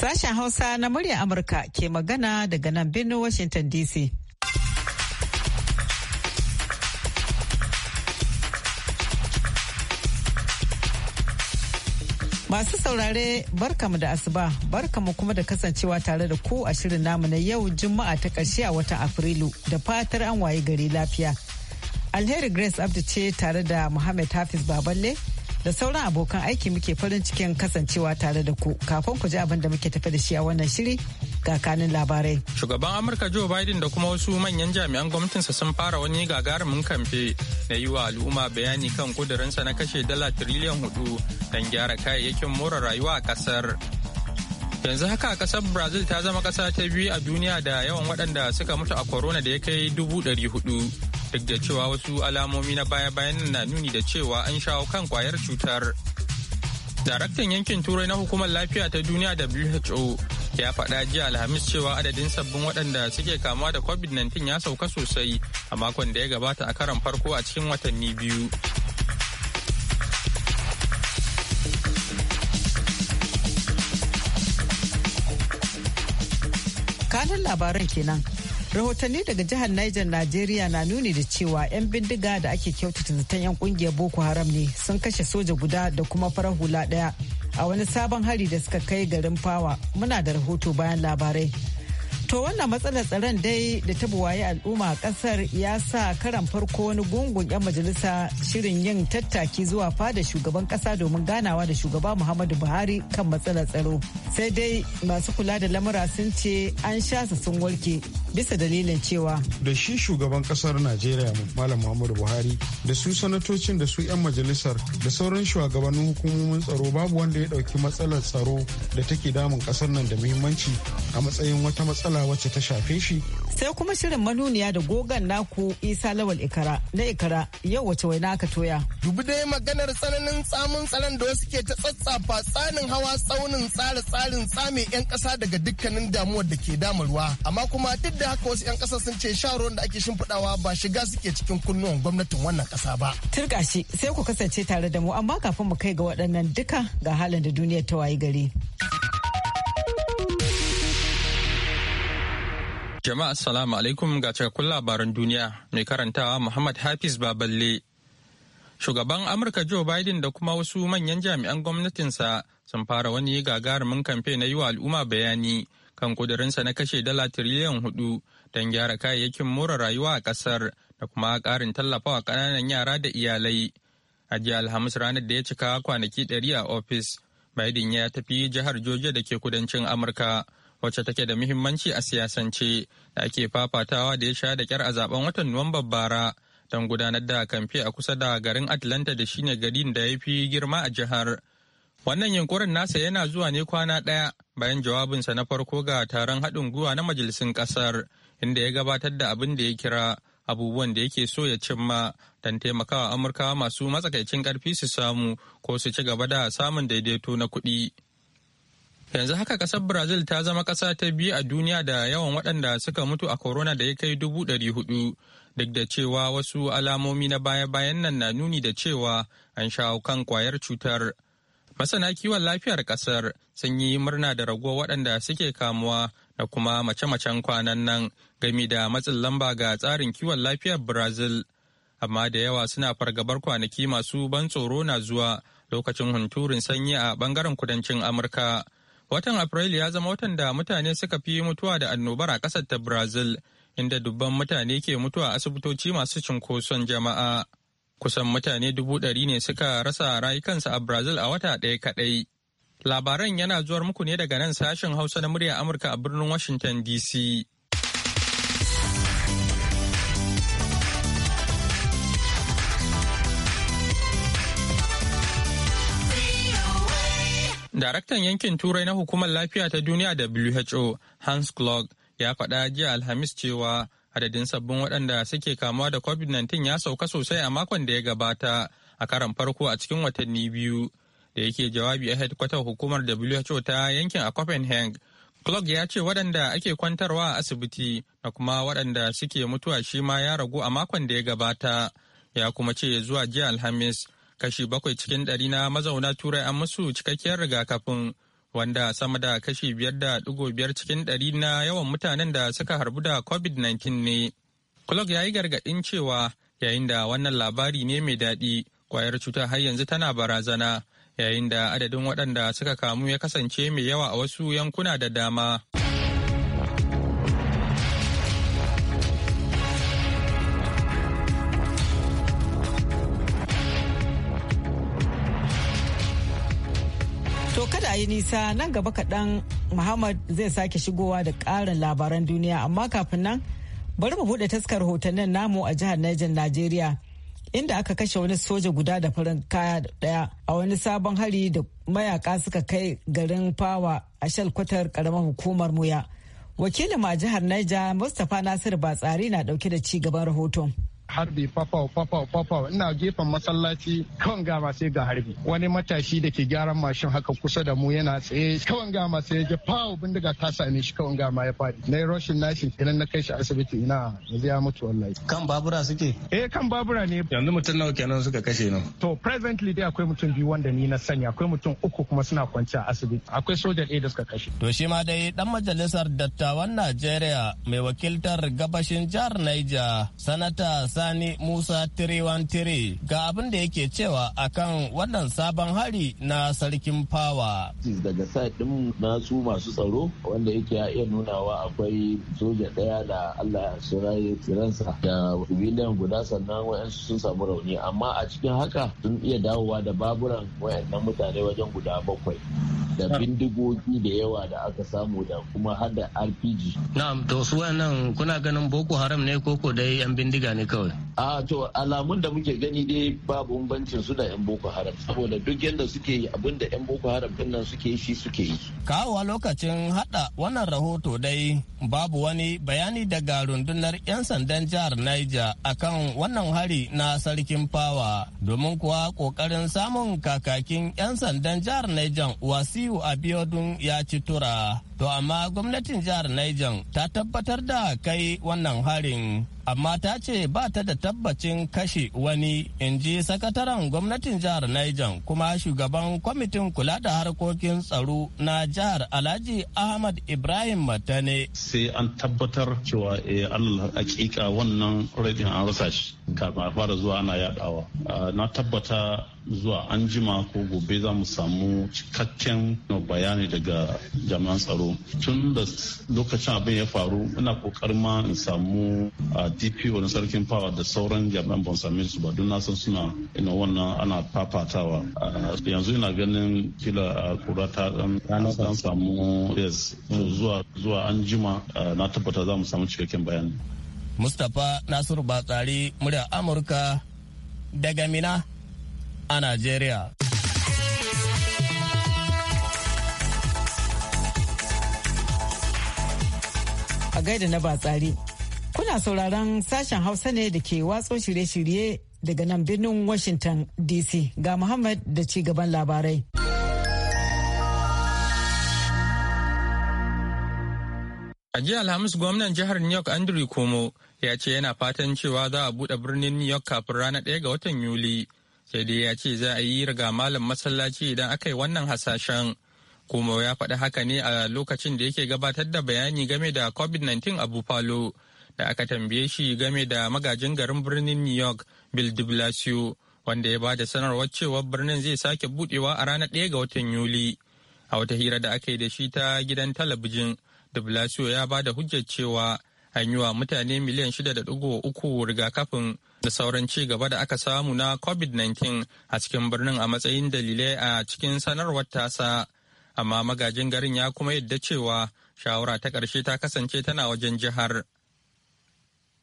Sashen Hausa na murya Amurka ke magana daga nan birnin Washington DC. Masu saurare barkamu da asuba barkamu kuma da kasancewa tare da ku a shirin namu na yau juma'a ta ƙarshe a watan Afrilu da fatar an waye gari lafiya. Alheri Grace Abdu ce tare da Muhammad Hafiz Baballe da sauran abokan aiki muke farin cikin kasancewa tare da ku kafin ku ji abin da muke tafi da shi a wannan shiri ga kanin labarai. Shugaban Amurka Joe Biden da kuma wasu manyan jami'an gwamnatinsa sun fara wani gagarumin kamfe na yi wa al'umma bayani kan kudurinsa na kashe dala tiriliyan hudu don gyara kayayyakin more rayuwa a kasar. Yanzu haka kasar Brazil ta zama kasa ta biyu a duniya da yawan waɗanda suka mutu a corona da ya kai dubu ɗari hudu. duk da cewa wasu alamomi na baya-bayan na nuni da cewa an shawo kan kwayar cutar. Daraktan yankin Turai na hukumar lafiya ta duniya WHO ya faɗa jiya Alhamis cewa adadin sabbin waɗanda suke kamuwa da COVID-19 ya sauka sosai a makon da ya gabata a karon farko a cikin watanni biyu. Kanin labaran kenan rahotanni daga jihar niger najeriya na nuni da cewa 'yan bindiga da ake kyautata zaton 'yan kungiyar boko haram ne sun kashe soja guda da kuma farar hula daya a wani sabon hari da suka kai garin fawa muna da rahoto bayan labarai to wannan matsalar tsaron dai da ta buwaye al'umma a kasar ya sa karan farko wani gungun 'yan majalisa shirin yin tattaki zuwa fada shugaban kasa domin ganawa da shugaba muhammadu buhari kan matsalar tsaro sai dai masu kula da lamura sun ce an sha su sun warke bisa dalilin cewa da shi shugaban kasar najeriya malam muhammadu buhari da su sanatocin da su 'yan majalisar da sauran shugabannin hukumomin tsaro babu wanda ya dauki matsalar tsaro da take damun kasar nan da muhimmanci a matsayin wata matsala wacce ta shafe shi sai kuma shirin manuniya da gogan naku isa lawal ikara na ikara yau wace waina aka toya dubu dai maganar tsananin tsamin tsaron da wasu ke ta tsatsafa tsanin hawa tsaunin tsare tsarin tsame yan kasa daga dukkanin damuwar da ke damarwa amma kuma duk da haka wasu yan kasa sun ce shawarwarin da ake shimfiɗawa ba shiga suke cikin kunnuwan gwamnatin wannan kasa ba turka shi sai ku kasance tare da mu amma kafin mu kai ga waɗannan duka ga halin da duniyar ta wayi gari Jama'a assalamu alaikum ga cikakkun labaran duniya mai karantawa Muhammad Hafiz Baballe. Shugaban Amurka Joe Biden da kuma wasu manyan jami'an gwamnatinsa sun fara wani gagarumin kamfe na yi wa al'umma bayani kan kudurinsa na kashe dala tiriliyan hudu don gyara kayayyakin more rayuwa a kasar da kuma ƙarin tallafawa ƙananan yara da iyalai. A jiya Alhamis ranar da ya cika kwanaki ɗari a ofis, Biden ya tafi jihar Georgia da ke kudancin Amurka wacce take da muhimmanci a siyasance da ake fafatawa da ya sha da kyar a zaben watan nuwamban bara don gudanar da kamfe a kusa da garin Atlanta da shine garin da ya fi girma a jihar. Wannan yankurin nasa yana zuwa ne kwana ɗaya bayan jawabinsa na farko ga taron haɗin gwiwa na majalisun ƙasar inda ya gabatar da abin da ya kira abubuwan da yake so ya cimma don taimakawa Amurkawa masu matsakaicin karfi su samu ko su ci gaba da samun daidaito na kuɗi. Yanzu haka kasar Brazil ta zama kasa ta biyu a duniya da yawan waɗanda suka mutu a corona da ya kai dubu ɗari hudu duk da cewa wasu alamomi na baya-bayan nan na nuni da cewa an shawo kan kwayar cutar. Masana kiwon lafiyar kasar sun yi murna da raguwa waɗanda suke kamuwa da kuma mace-macen kwanan nan gami da matsin lamba ga tsarin kiwon lafiyar Brazil. Amma da yawa suna fargabar kwanaki masu ban tsoro na zuwa lokacin hunturin sanyi a bangaren kudancin Amurka. Watan Afrilu ya zama watan da mutane suka fi mutuwa da annobar a ƙasar ta Brazil, inda dubban mutane ke mutuwa a asibitoci masu cunkoson jama'a. Kusan mutane dubu ɗari ne suka rasa rayukansu a Brazil a wata ɗaya kaɗai. Labaran yana zuwar muku ne daga nan sashen Hausa na murya Amurka a birnin Washington DC. Daraktan yankin Turai na Hukumar Lafiya ta Duniya WHO Hans Klug ya faɗa jiya Alhamis cewa adadin sabbin waɗanda suke kamuwa da COVID-19 ya sauka sosai a makon da ya gabata a karan farko a cikin watanni biyu da yake jawabi a hedkwatar hukumar WHO ta yankin a Copenhagen. Klug ya ce waɗanda ake kwantarwa a asibiti da kuma waɗanda suke mutuwa shi ma ya ragu a makon da ya gabata. Ya kuma ce zuwa jiya Alhamis kashi bakwai cikin ɗari na mazauna turai an musu cikakkiyar rigakafin wanda sama da kashi biyar da ɗigo biyar cikin ɗari na yawan mutanen da suka harbu da covid-19 ne Kulog ya yi gargaɗin cewa yayin da wannan labari ne mai daɗi kwayar cutar har yanzu tana barazana yayin da adadin waɗanda suka kamu ya kasance mai yawa a wasu yankuna da dama. kada a yi nisa nan gaba kaɗan Muhammad zai sake shigowa da ƙarin labaran duniya amma kafin nan bari mu buɗe taskar hotonnin namu a jihar Niger Najeriya inda aka kashe wani soja guda da farin kaya ɗaya a wani sabon hari da mayaka suka kai garin fawa a shalkwatar karamar hukumar muya. Wakilin a jihar Niger Mustapha Nasiru Batsari na ɗauke da ci gaban rahoton. Har da fafawa fafawa fafawa ina gefen masallaci kawan gama sai ga harbi wani matashi da ke gyaran mashin haka kusa da mu yana tsaye kawan gama sai ya ji fawo bindiga ta same shi kawan gama ya fadi na yi rashin nashi idan na kai shi asibiti ina yanzu ya mutu wallahi kan babura suke eh kan babura ne yanzu mutum nawa kenan suka kashe nan to presently dai akwai mutum biyu wanda ni na sani akwai mutum uku kuma suna kwanci a asibiti akwai soja ɗaya da suka kashe to shi ma dai dan majalisar dattawan Najeriya mai wakiltar gabashin jihar Niger sanata Sani Musa Tire ga abin da yake cewa akan wannan sabon hari na sarkin fawa. Daga ɗin na su masu tsaro wanda yake iya nunawa akwai soja daya da Allah Suraye Tiransa da biliyan guda sannan wayansu sun samu rauni amma a cikin haka sun iya dawowa da baburan wayannan mutane wajen guda bakwai. da bindigogi da yawa da aka samu da kuma hada rpg na'am to su wannan kuna ganin boko haram ne koko dai yan bindiga ne kawai a to alamun da muke gani dai babu bambancin su da yan boko haram saboda duk yadda suke yi abin da yan boko haram din nan suke shi suke yi kawowa lokacin hada wannan rahoto dai babu wani bayani daga rundunar yan sandan jihar niger akan wannan hari na sarkin fawa domin kuwa kokarin samun kakakin yan sandan jihar niger wasi Aliyu Abiodun ya ci tura To amma gwamnatin jihar Niger ta tabbatar da kai wannan harin amma ta ce ba ta da tabbacin kashe wani in ji sakataren gwamnatin jihar Niger kuma shugaban kwamitin kula da harkokin tsaro na jihar Alhaji Ahmad Ibrahim Matane. Sai an tabbatar cewa eh, Allah hakika wannan raɗin an rasa shi kafin a fara zuwa ana yadawa. Ah, na tabbata zuwa anjima ko gobe za mu samu cikakken bayani daga jami'an tsaro tun da lokacin abin ya faru ina kokarin ma in samu a ah, dpo na sarkin fawa da sauran jami'an ban same su ba don na san suna ina wannan ana fafatawa ah, yanzu ina ganin kila a ah, kura ta dan samu yes zuwa zuwa an jima na tabbata za mu samu cikakken bayani mustapha nasiru batsari murya amurka daga mina a najeriya a gaida na batsari. Kuna sauraron sashen Hausa ne da ke watso shirye-shirye daga nan birnin Washington DC ga Muhammad da ci gaban labarai. A jiya Alhamis gwamnan jihar New York Andrew Cuomo ya ce yana fatan cewa za a buɗe birnin New York kafin ranar ɗaya ga watan Yuli. Sai dai ya ce za a yi riga malam masallaci idan aka yi wannan hasashen. Kuma ya faɗi haka ne a lokacin da yake gabatar da bayani game da COVID-19 a Buffalo da aka tambaye shi game da magajin garin birnin New York Bill de Blasio wanda ya ba da sanarwar cewa birnin zai sake buɗewa a ranar 1 ga watan Yuli. A wata hira da aka yi da shi ta gidan talabijin, de Blasio ya ba da hujjar cewa an yi wa mutane miliyan 6.3 rigakafin da sauran ci gaba da aka samu na covid-19 a cikin birnin a matsayin dalilai a cikin sanarwar tasa amma magajin garin ya kuma yadda cewa shawara ta ƙarshe ta kasance tana wajen jihar.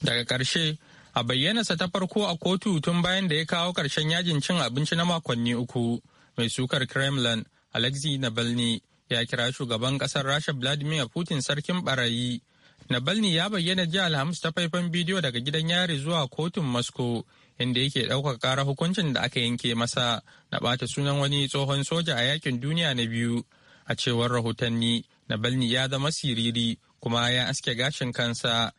Daga ƙarshe, a bayyanarsa ta farko a kotu tun bayan da ya kawo ƙarshen yajin cin abinci na makonni uku, mai sukar Kremlin, Alexei Navalny, ya kira shugaban ƙasar Rasha Vladimir Putin sarkin ɓarayi. Navalny ya bayyana jiya Alhamis ta faifan bidiyo daga gidan yari zuwa kotun Moscow, inda yake ɗaukar ƙara hukuncin da aka yanke masa na ɓata sunan wani tsohon soja a yakin duniya na biyu A cewar rahotanni, Nabalni ya zama siriri kuma ya aske gashin kansa.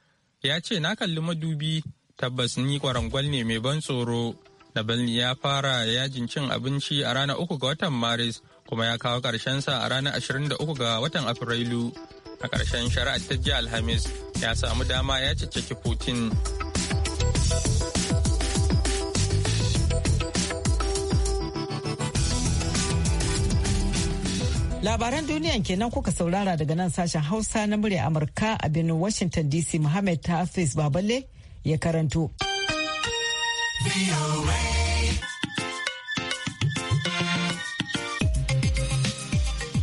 Ya ce na kalli madubi tabbas ni kwarangwal ne mai ban tsoro. Nabalni ya fara yajin cin abinci a ranar uku ga watan Maris kuma ya kawo sa a ranar 23 ga watan Afrilu. A ƙarshen shari'ar ta jiya Alhamis ya samu dama ya cece Putin. Labaran duniyan kenan kuka saurara daga nan sashen Hausa na murya Amurka a birnin Washington DC Muhammad Tafis Baballe ya karanto.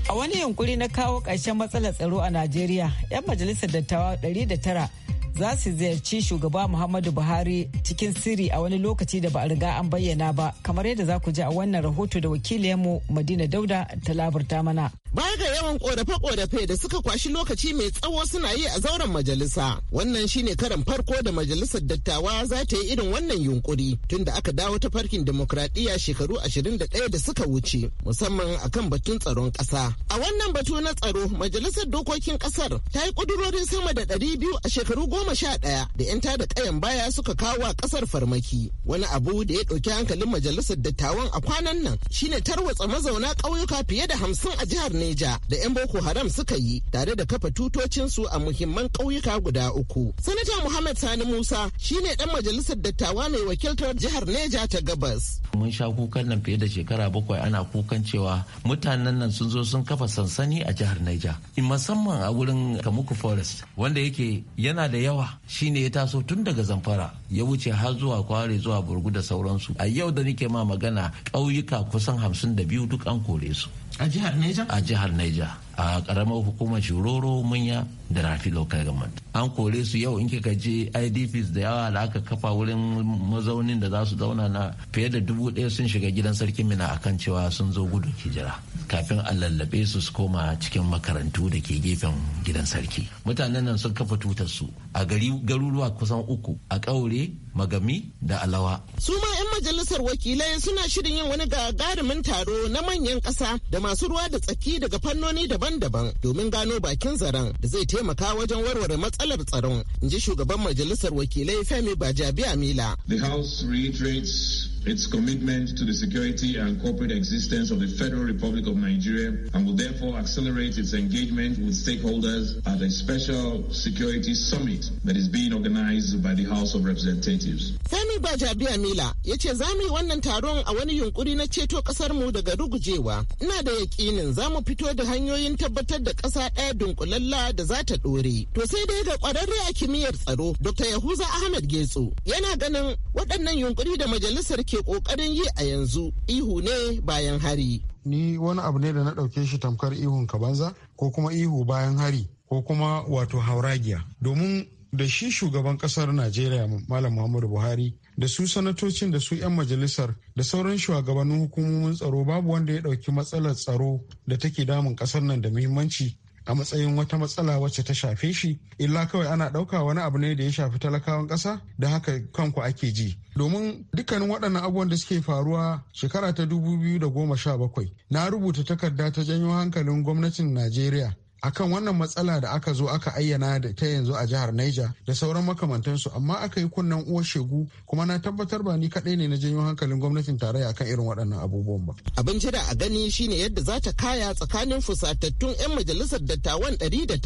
A wani yunkuri na kawo ƙarshen matsalar tsaro a Najeriya, 'yan majalisar dattawa 109 za su ziyarci shugaba Muhammadu Buhari cikin sirri a wani lokaci da ba a riga an bayyana ba kamar yadda za ku ji a wannan rahoto da wakiliyanmu Madina Dauda ta labarta mana. Baya ga yawan korafe-korafe da suka kwashi lokaci mai tsawo suna yi a zauren majalisa. Wannan shine karan farko da majalisar dattawa za ta yi irin wannan yunkuri Tunda aka dawo ta farkin demokradiyya shekaru 21 da suka wuce musamman akan batun tsaron kasa. A wannan batu na tsaro majalisar dokokin kasar ta yi ƙudurorin sama da 200 a shekaru 11 da 'yan da kayan baya suka kawo a kasar farmaki. Wani abu da ya ɗauki hankalin majalisar dattawan a kwanan nan shine tarwatsa mazauna ƙauyuka fiye da hamsin a jihar ne Neja da 'yan Boko Haram suka yi tare da kafa tutocinsu a muhimman ƙauyuka guda uku. Sanata Muhammad Sani Musa shi ne ɗan majalisar dattawa mai wakiltar jihar Neja ta gabas. Mun sha kukan nan fiye da shekara bakwai ana kukan cewa mutanen nan sun zo sun kafa sansani a jihar Neja. Musamman a wurin Kamuku Forest wanda yake yana da yawa shi ne ya taso tun daga Zamfara ya wuce har zuwa Kware zuwa Burgu da sauransu. A yau da nake ma magana ƙauyuka kusan hamsin da biyu duk an kore su. a jihar Neja? a jihar Neja a karamar hukumar shiroro munya da rafi local government an kore su yau in kika je idps da yawa da aka kafa wurin mazaunin da za su zauna na fiye da dubu ɗaya sun shiga gidan sarkin mina akan cewa sun zo gudun hijira kafin a lallabe su su koma cikin makarantu da ke gefen gidan sarki mutanen nan sun kafa tutar su a gari garuruwa kusan uku a ƙaure magami da alawa su ma 'yan majalisar wakilai suna shirin yin wani gagarumin taro na manyan ƙasa da masu ruwa da tsaki daga fannoni daban daban-daban domin gano bakin zaren da zai taimaka wajen warware matsalar tsaron in ji shugaban majalisar wakilai femi Bajabi amila the house reiterates its commitment to the security and corporate existence of the Federal Republic of Nigeria and will therefore accelerate its engagement with stakeholders at a special security summit that is being organized by the House of Representatives. Sani Bajabiya Mila ya ce za mu yi wannan taron a wani yunkuri na ceto kasar mu daga rugujewa. Ina da yakinin za mu fito da hanyoyin tabbatar da ƙasa ɗaya dunkulalla da za ta ɗore. To sai dai ga ƙwararre a kimiyyar tsaro Dr. Yahuza Ahmed Getso yana ganin waɗannan yunkuri da majalisar ke ke ƙoƙarin yi a yanzu ihu ne bayan hari. Ni wani abu ne da na ɗauke shi tamkar ihun ka banza ko kuma ihu bayan hari ko kuma wato hauragiya. Domin da shi shugaban ƙasar Najeriya Malam Muhammadu Buhari da su sanatocin da su 'yan majalisar da sauran shugabannin hukumomin tsaro babu wanda ya ɗauki matsalar tsaro da take damun ƙasar nan da muhimmanci a matsayin wata matsala wacce ta shafe shi illa kawai ana ɗauka wani abu ne da ya shafi talakawan ƙasa da haka kanku ake ji domin dukkanin waɗannan abubuwan da suke faruwa shekara ta dubu biyu da goma sha bakwai. na rubuta takarda ta janyo hankalin gwamnatin najeriya akan wannan matsala da aka zo aka ayyana da ta yanzu a jihar Niger da sauran makamantansu amma aka yi kunnen uwar shegu kuma na tabbatar ba ni kaɗai ne na janyo hankalin gwamnatin tarayya kan irin waɗannan abubuwan ba. Abin jira a gani shine yadda za ta kaya tsakanin fusatattun 'yan majalisar dattawan 109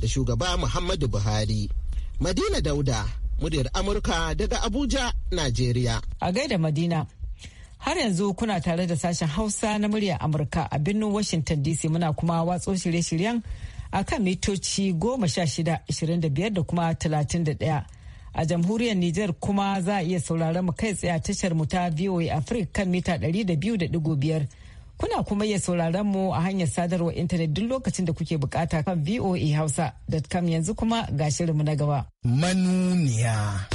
da shugaba Muhammadu Buhari. Madina Dauda, muryar Amurka daga Abuja, Najeriya. A gaida Madina. Har yanzu kuna tare da sashen Hausa na murya Amurka a birnin Washington DC muna kuma watso shirye-shiryen a kan mitoci goma sha shida da kuma talatin A jamhuriyar Nijar kuma za a iya sauraron mu kai tsaye tashar mu ta VOA Africa kan mita ɗari da biyu da biyar. Kuna kuma iya sauraron mu a hanyar sadarwar intanet duk lokacin da kuke bukata kan voahausa.com yanzu kuma ga shirinmu na gaba. Manuniya.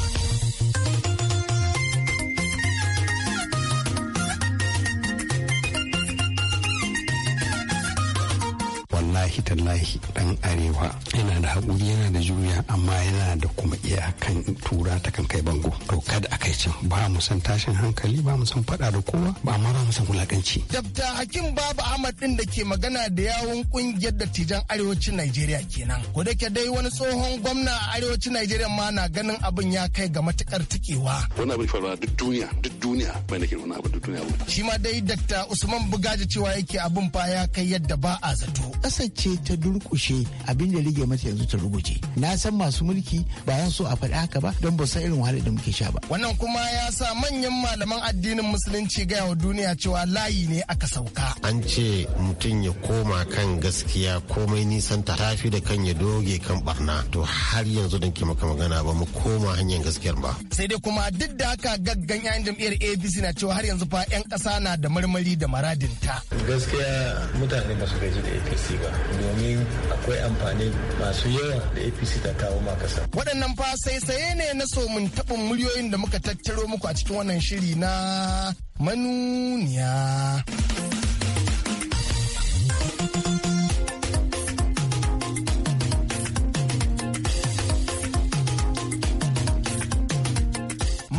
wallahi tallahi dan arewa yana da haƙuri yana da juriya amma yana da kuma iyakan tura ta kan kai bango to kada akai can ba mu san tashin hankali ba mu san fada da kowa ba amma ba mu san wulakanci dabta hakim babu ahmad din da ke magana da yawun kungiyar dattijan arewacin najeriya kenan ko da ke dai wani tsohon gwamna a arewacin najeriya ma na ganin abin ya kai ga matukar tikewa wani abin faruwa duk duniya duk duniya bai nake wani abu duk duniya shi ma dai dakta usman bugaji cewa yake abin fa ya kai yadda ba a zato kasance ce ta durkushe abin da rige mata yanzu ta ruguje na san masu mulki ba yan so a faɗi haka ba don ba san irin wahalar da muke sha ba wannan kuma ya sa manyan malaman addinin musulunci gaya wa duniya cewa layi ne aka sauka an ce mutum ya koma kan gaskiya komai nisan ta da kan ya doge kan barna to har yanzu don ke maka magana ba mu koma hanyar gaskiyar ba sai dai kuma duk da haka gaggan yayin jam'iyyar abc na cewa har yanzu fa yan ƙasa na da marmari da maradinta gaskiya mutane ba su gaji da apc ba domin akwai amfani masu yawa da apc ta kawo ma kasa waɗannan fa sai saye ne na somin taɓin muryoyin da muka tattaro muku a cikin wannan shiri na manuniya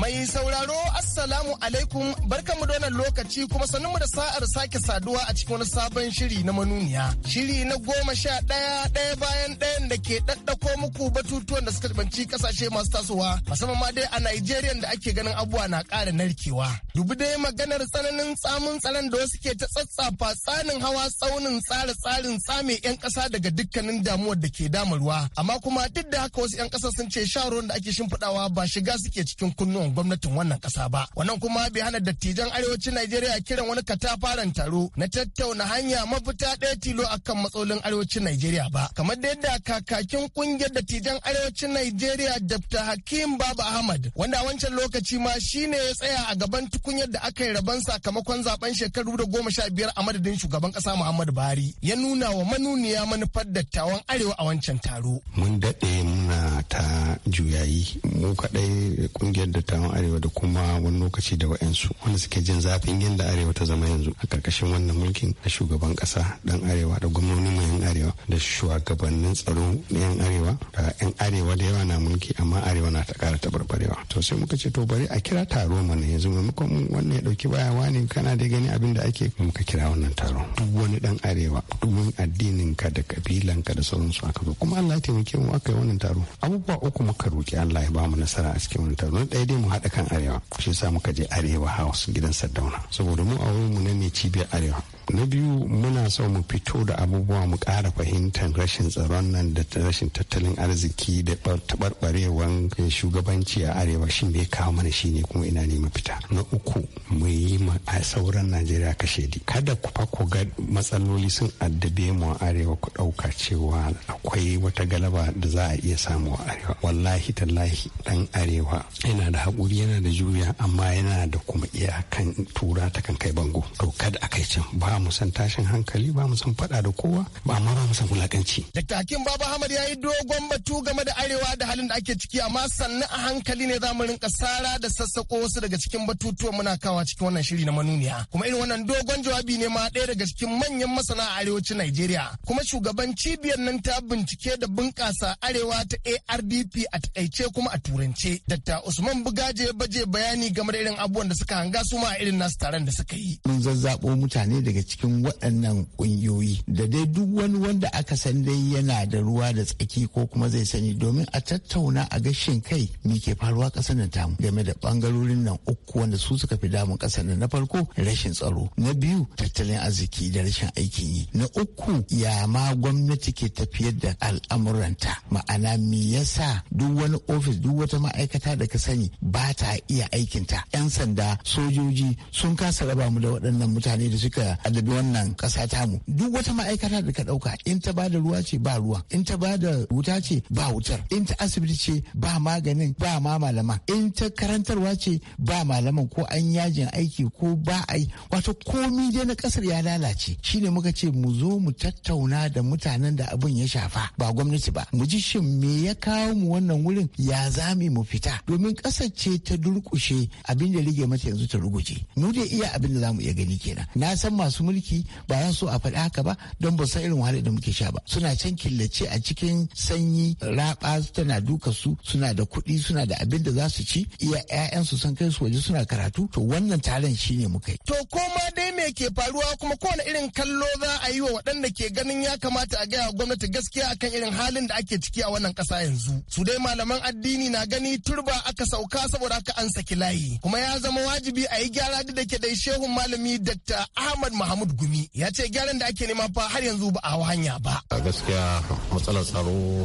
mai sauraro Assalamu alaikum barkanmu da wannan lokaci kuma mu da sa'ar sake saduwa a cikin wani sabon shiri na manuniya. Shiri na goma sha ɗaya ɗaya bayan ɗayan da ke ɗaɗɗako muku batutuwan da suka banci kasashe masu tasowa musamman ma dai a Najeriya da ake ganin abubuwa na ƙara narkewa. Dubi dai maganar tsananin tsamin tsaron da wasu ke ta tsatsafa tsanin hawa tsaunin tsara tsarin tsame 'yan ƙasa daga dukkanin damuwar da ke damarwa. Amma kuma duk da haka wasu 'yan ƙasa sun ce shawarwarin da ake shimfiɗawa ba shiga suke cikin kunnuwan gwamnatin wannan ƙasa ba. Wannan kuma bai hana dattijan arewacin Najeriya kiran wani katafaren taro na tattauna hanya mafita ɗaya tilo akan matsalolin arewacin Najeriya ba. Kamar da yadda kakakin kungiyar dattijan arewacin Najeriya Dr. Hakim Baba Ahmad wanda wancan lokaci ma shine ya tsaya a gaban tukunyar da aka yi rabon sakamakon zaben shekaru da goma sha biyar a madadin shugaban kasa Muhammadu Buhari ya nuna wa manuniya manufar dattawan arewa a wancan taro. Mun daɗe muna ta juyayi mu kaɗai kungiyar dattawan arewa da kuma wani lokaci da wa'yansu wanda suke jin zafin yadda arewa ta zama yanzu a karkashin wannan mulkin a shugaban kasa dan arewa da gwamnoni mai yan arewa da shugabannin tsaro na yan arewa da yan arewa da yawa na mulki amma arewa na ta kara tabarbarewa to sai muka ce to bari a kira taro mana yanzu maimakon wannan ya dauki baya wani kana da gani abin da ake muka kira wannan taro duk wani dan arewa duk wani addinin ka da kabilan ka da sauransu aka zo kuma Allah ya taimake mu aka yi wannan taro abubuwa uku muka roki Allah ya ba mu nasara a cikin wannan taro na ɗaya dai mu haɗa kan arewa shi sa ka je arewa house gidan sardauna saboda mu a wurin mu nan ne cibiyar arewa na biyu muna so mu fito da abubuwa mu ƙara fahimtar rashin tsaron nan da rashin tattalin arziki da taɓarɓarewan shugabanci a arewa shi me kawo mana shi ne kuma ina ne fita. na uku mu yi ma a sauran najeriya kashe di kada ku fa ku ga matsaloli sun addabe mu a arewa ku ɗauka cewa akwai wata galaba da za a iya samu a arewa wallahi tallahi ɗan arewa yana da haƙuri yana da juriya amma yana da kuma iyakan tura ta kan kai bango to kada a kai can ba ba mu san tashin hankali ba mu san faɗa da kowa ba amma ba mu san wulakanci. Dr. Hakim Baba Ahmad ya yi dogon batu game da arewa da halin da ake ciki amma sannan a hankali ne za mu rinka sara da sassako wasu daga cikin batutuwan muna kawa cikin wannan shiri na manuniya. Kuma irin wannan dogon jawabi ne ma ɗaya daga cikin manyan masana a arewacin Najeriya. Kuma shugaban cibiyar nan ta bincike da bunƙasa arewa ta ARDP a taƙaice kuma a turance. Dr. Usman Bugaje baje bayani game da irin abubuwan da suka hanga su ma irin nasu taron da suka yi. Mun zazzabo mutane daga cikin waɗannan ƙungiyoyi da dai duk wani wanda aka san dai yana da ruwa da tsaki ko kuma zai sani domin a tattauna a gashin kai me ke faruwa ƙasar nan tamu game da ɓangarorin nan uku wanda su suka fi damun ƙasar nan na farko rashin tsaro na biyu tattalin arziki da rashin aikin yi na uku ya ma gwamnati ke tafiyar da al'amuranta ma'ana me yasa duk wani ofis duk wata ma'aikata da ka sani ba ta iya aikinta 'yan sanda sojoji sun kasa raba mu da waɗannan mutane da suka addabi wannan ƙasa tamu duk wata ma'aikata da ka ɗauka in ta bada ruwa ce ba ruwa in ta bada wuta ce ba wutar in ta asibiti ce ba maganin ba ma malama in ta karantarwa ce ba malaman ko an yajin aiki ko ba ai wato komi dai na ƙasar ya lalace shine muka ce mu zo mu tattauna da mutanen da abin ya shafa ba gwamnati ba mu ji shin me ya kawo mu wannan wurin ya zame mu fita domin ƙasar ce ta durƙushe abin da rige mata yanzu ta ruguje mu dai iya abin da za mu iya gani kenan na san masu masu mulki ba za su a faɗi haka ba don ba san irin wahalar da muke sha ba suna can killace a cikin sanyi raba tana duka su suna da kuɗi suna da abin da za su ci iya su san kai su waje suna karatu to wannan taron shine muka yi to koma dai me ke faruwa kuma kowane irin kallo za a yi wa waɗanda ke ganin ya kamata a gaya gwamnati gaskiya akan irin halin da ake ciki a wannan ƙasa yanzu su dai malaman addini na gani turba aka sauka saboda aka an saki layi kuma ya zama wajibi a yi gyara da ke dai shehun malami dr ahmad Mahmud Gumi ya ce gyaran da ake nema fa har yanzu ba a hanya ba. A gaskiya matsalar tsaro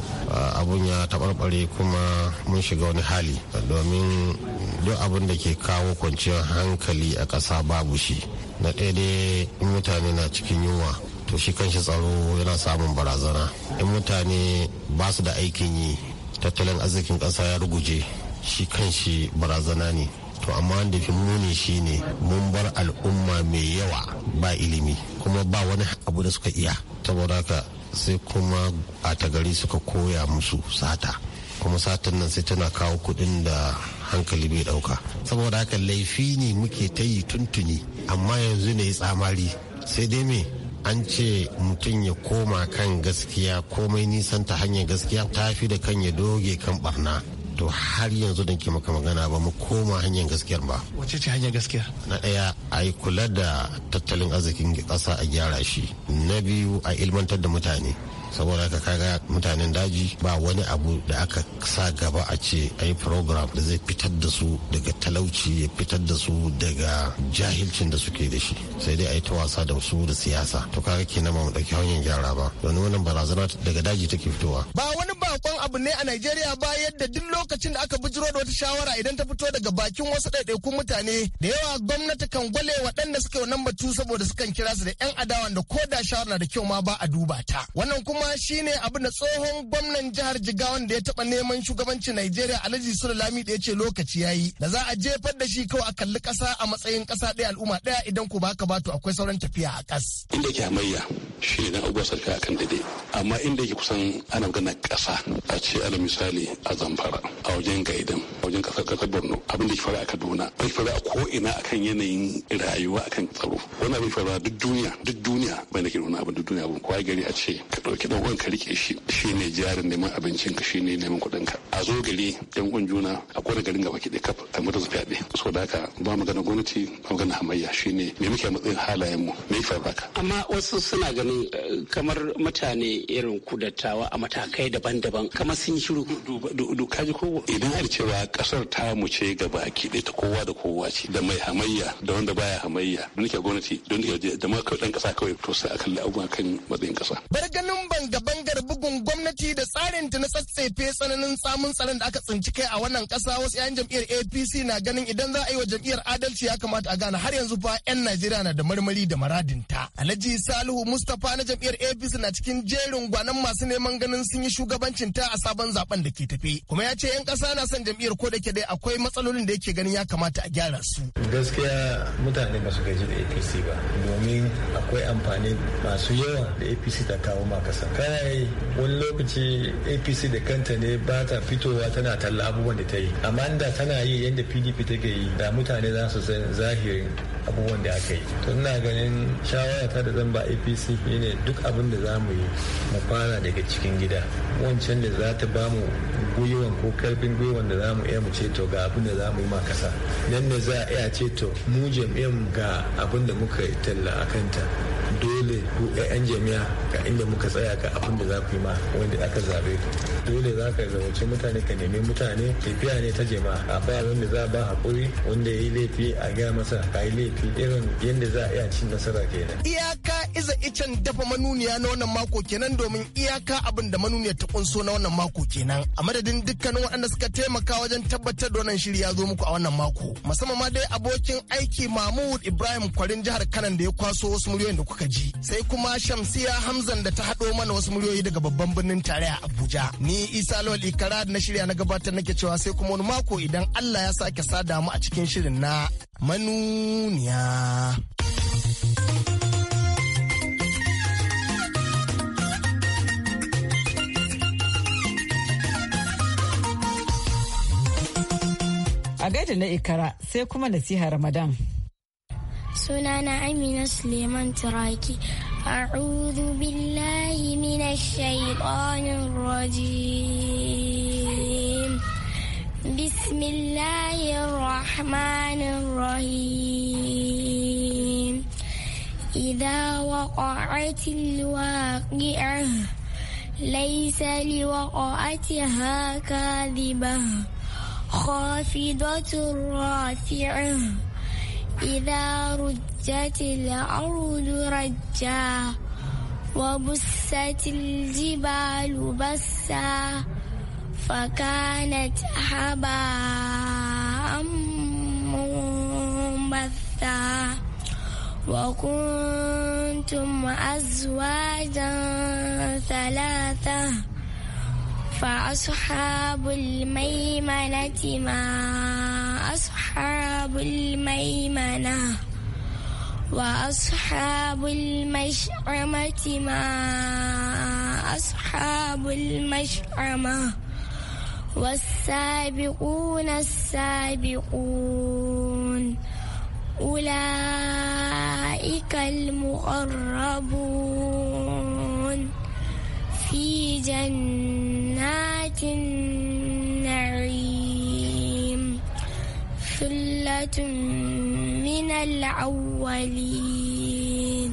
abun ya taɓarɓare kuma mun shiga wani hali domin duk abin da ke kawo kwanciyar hankali a ƙasa babu shi. Na ɗaya dai mutane na cikin yunwa to shi kanshi tsaro yana samun barazana. In mutane ba su da aikin yi tattalin arzikin ƙasa ya ruguje shi kanshi barazana ne. to amma wanda fi muni shine mun bar al'umma mai yawa ba ilimi kuma ba wani abu da suka iya saboda haka sai kuma a tagari suka koya musu sata kuma satin nan sai tana kawo kuɗin da hankali bai ɗauka. saboda haka laifi ne muke ta yi tuntuni amma yanzu ne tsamari sai dai me an ce mutum ya koma kan gaskiya komai nisan ta hanyar gaskiya Ta fi da kan ya doge kan barna to har yanzu da ke maka magana ba mu koma hanyar gaskiyar ba wace ce hanyar gaskiyar na ɗaya a yi kula da tattalin arzikin ƙasa a gyara shi na biyu a ilmantar da mutane saboda haka kaga mutanen daji ba wani abu da aka sa gaba a ce a yi program da zai fitar da su daga talauci ya fitar da su daga jahilcin da suke da shi sai dai a yi ta wasa da su da siyasa to kaga kenan ba mu ɗauki hanyar gyara ba domin wannan barazana daga daji take fitowa ba wani bakon abu ne a nigeria ba yadda duk lokacin da aka bijiro da wata shawara idan ta fito daga bakin wasu ɗaiɗaikun mutane da yawa gwamnati kan gwale waɗanda suke wannan batu saboda sukan kira su da 'yan adawa da ko da shawara da kyau ma ba a duba ta wannan kuma kuma shine abu da tsohon gwamnan jihar Jigawan da ya taɓa neman shugabancin Najeriya Alhaji Lami da ya ce lokaci ya yi da za a jefar da shi kawai a kalli ƙasa a matsayin ƙasa ɗaya al'umma ɗaya idan ko ba ka ba to akwai sauran tafiya a ƙas. Inda ke hamayya shi ne abubuwa sarki a kan daidai amma inda yake kusan ana magana ƙasa a ce ala misali a zamfara a wajen gaidan a wajen ƙasar borno abin da ke faru a kaduna ba ke faru a ko'ina akan yanayin rayuwa akan tsaro Wannan bai faru duk duniya duk duniya bai da ke nuna abin duk duniya abin kwa gari a ce ka ɗauki dan uwan ka rike shi shine jarin neman abincin ka shine neman kuɗin ka a zo gari yan uwan juna a kwana garin gaba ki kaf a mutu fyaɗe so da haka ba magana gwamnati ba magana hamayya shine me muke matsayin halayen mu me ya faru amma wasu suna ganin eh, kamar mutane irin kudattawa a matakai daban-daban kamar sun shiru kaji ko idan har cewa kasar ta mu ce gaba ki ta kowa da kowa ce da mai hamayya da wanda baya hamayya don nake gwamnati don da ma kawai ɗan ƙasa kawai to sai a kalli abubuwa kan matsayin kasa. Barganin ban bangar bugun gwamnati da tsarin ta na tsatsefe tsananin samun tsaron da aka tsinci kai a wannan kasa wasu 'yan jam'iyyar apc na ganin idan za a yi wa jam'iyyar adalci ya kamata a gane har yanzu fa 'yan najeriya na da marmari da maradin ta alhaji salihu mustapha na jam'iyyar apc na cikin jerin gwanan masu neman ganin sun yi shugabancin ta a sabon zaben da ke tafe kuma ya ce 'yan kasa na son jam'iyyar ko da ke dai akwai matsalolin da yake ganin ya kamata a gyara su gaskiya mutane ba su gaji da apc ba domin akwai amfani masu yawa da apc ta kawo ma kasa siyasa yi wani lokaci apc da kanta ne ba ta fitowa tana talla abubuwan da ta yi amma da tana yi yadda pdp take yi da mutane za su san zahirin abubuwan da aka yi to ina ganin shawara ta da zan ba apc ne duk abin da za mu yi mu fara daga cikin gida wancan da za ta ba mu gwiwan ko karfin gwiwan da za mu iya mu ceto ga abin da za mu yi ma kasa nan ne za a iya ceto mu jam'iyyar ga abin da muka talla a kanta dole ku yan jami'a ga inda muka tsaya ga abin da za ku yi ma wanda aka zabe dole za ka zamanci mutane ka nemi mutane tafiya ne ta jama'a a baya wanda za a ba haƙuri wanda ya yi laifi a gaya masa ka yi laifi irin yadda za a iya cin nasara kenan. iyaka iza icen dafa manuniya na wannan mako kenan domin iyaka abin da manuniya ta kunso na wannan mako kenan a madadin dukkanin waɗanda suka taimaka wajen tabbatar da wannan shirya ya zo muku a wannan mako musamman ma dai abokin aiki mahmud ibrahim kwarin jihar kanan da ya kwaso wasu muryoyin da kuka ji sai kuma shamsiya hamzan da ta haɗo mana wasu muryoyi daga babban birnin tarayya abuja ni isa lawal ikara na shirya na gabatar nake cewa sai kuma wani mako idan allah ya sake sada mu a cikin shirin na manuniya. a gaida na ikara sai kuma nasiha ramadan sunana amina suleiman turaki a'udhu billahi minash shaitanir rajim bismillahir rahmanir rahim idha waqa'atil waqi'ah laysa liwaqa'atiha kadhibah خافضة رافعة إذا رجت الأرض رجا وبست الجبال بسا فكانت هباء منبثا وكنتم أزواجا ثلاثة فأصحاب الميمنة ما أصحاب الميمنة وأصحاب المشعمة ما أصحاب المشعمة والسابقون السابقون أولئك المقربون في جنة النعيم ثلة من الأولين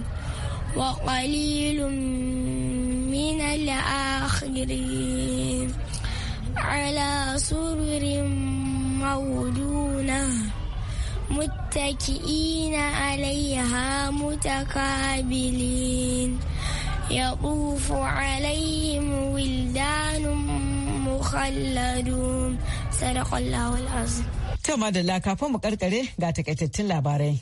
وقليل من الآخرين على سرر موجونه متكئين عليها متقابلين يطوف عليهم ولدان mukhalladun sadakallahu al'azim. To madalla kafin mu karkare ga takaitattun labarai.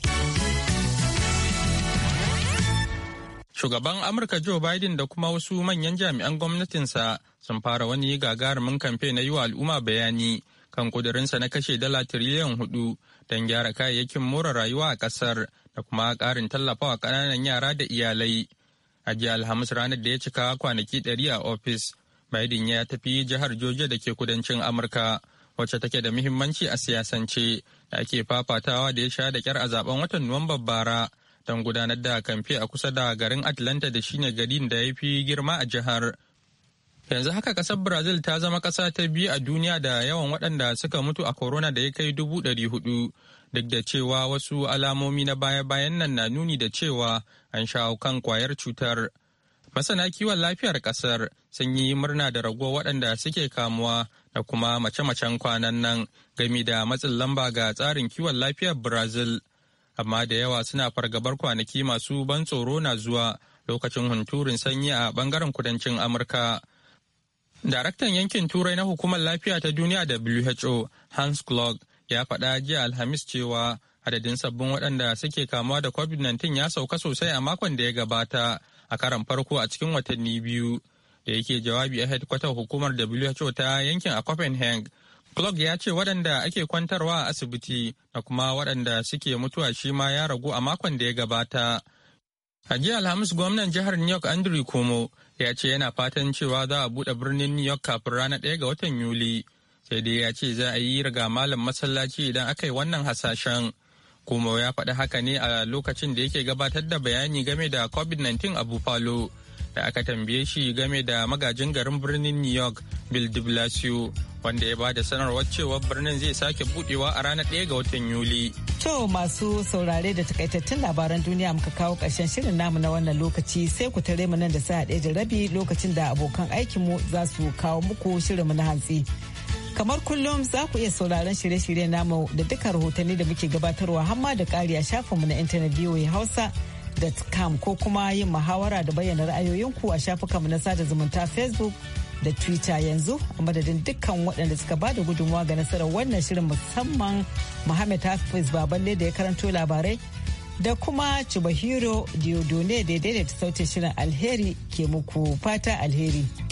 Shugaban Amurka Joe Biden da kuma wasu manyan jami'an gwamnatinsa sun fara wani gagarumin kamfe na yi wa al'umma bayani kan kudurinsa na kashe dala tiriliyan hudu don gyara kayayyakin mora rayuwa a kasar da kuma karin tallafawa kananan yara da iyalai. A jiya Alhamis ranar da ya cika kwanaki ɗari a ofis, Biden ya tafi jihar Georgia da ke kudancin Amurka wacce take da muhimmanci a siyasance da ake fafatawa da ya sha da kyar a zaben watan Nuwamban bara don gudanar da kamfe a kusa da garin Atlanta da shine garin da ya fi girma a jihar. Yanzu haka kasar Brazil ta zama kasa ta biyu a duniya da yawan waɗanda suka mutu a corona da ya kai dubu ɗari hudu duk da cewa wasu alamomi na baya-bayan nan na nuni da cewa an shawo kan kwayar cutar. Masana kiwon lafiyar kasar sun yi murna da raguwa waɗanda suke kamuwa da kuma mace-macen kwanan nan gami da matsin lamba ga tsarin kiwon lafiyar Brazil. Amma da yawa suna fargabar kwanaki masu ban tsoro na zuwa lokacin hunturin sanyi a bangaren kudancin Amurka. Daraktan yankin Turai na Hukumar Lafiya ta Duniya WHO, Hans Klug, ya faɗa jiya Alhamis cewa adadin sabbin waɗanda suke kamuwa da COVID-19 ya sauka sosai a makon da ya gabata a karan farko a cikin watanni biyu. da yake jawabi a hedkwatar hukumar WHO ta yankin a Copenhagen. Clark ya ce waɗanda ake kwantarwa a asibiti da kuma waɗanda suke mutuwa shi ma ya ragu a makon da ya gabata. A jiya Alhamis gwamnan jihar New York Andrew Cuomo ya ce yana fatan cewa za a buɗe birnin New York kafin rana ɗaya ga watan Yuli. Sai dai ya ce za a yi riga malam masallaci idan aka yi wannan hasashen. Cuomo ya faɗi haka ne a lokacin da yake gabatar da bayani game da COVID-19 a Buffalo. da aka tambaye shi game da magajin garin birnin New York Bill de Blasio wanda ya ba da sanarwar cewa birnin zai sake budewa a ranar ɗaya ga watan Yuli. To masu saurare da takaitattun labaran duniya muka kawo ƙarshen shirin namu na wannan lokaci sai ku tare mu nan da sa ɗaya da rabi lokacin da abokan aikinmu za su kawo muku shirin mu na hantsi. kamar kullum za ku iya sauraron shirye-shirye namu da duka rahotanni da muke gabatarwa hamma da kariya a shafinmu na intanet voa hausa facebook.com ko kuma yin muhawara da bayyana ra'ayoyinku a shafukanmu na sada zumunta facebook da twitter yanzu a madadin dukkan waɗanda suka ba da gudunmawa ga nasarar wannan shirin musamman muhammad hafiz baballe da ya karanto labarai da kuma chubahiro diodone da ya daidaita sautin shirin alheri ke muku fata alheri.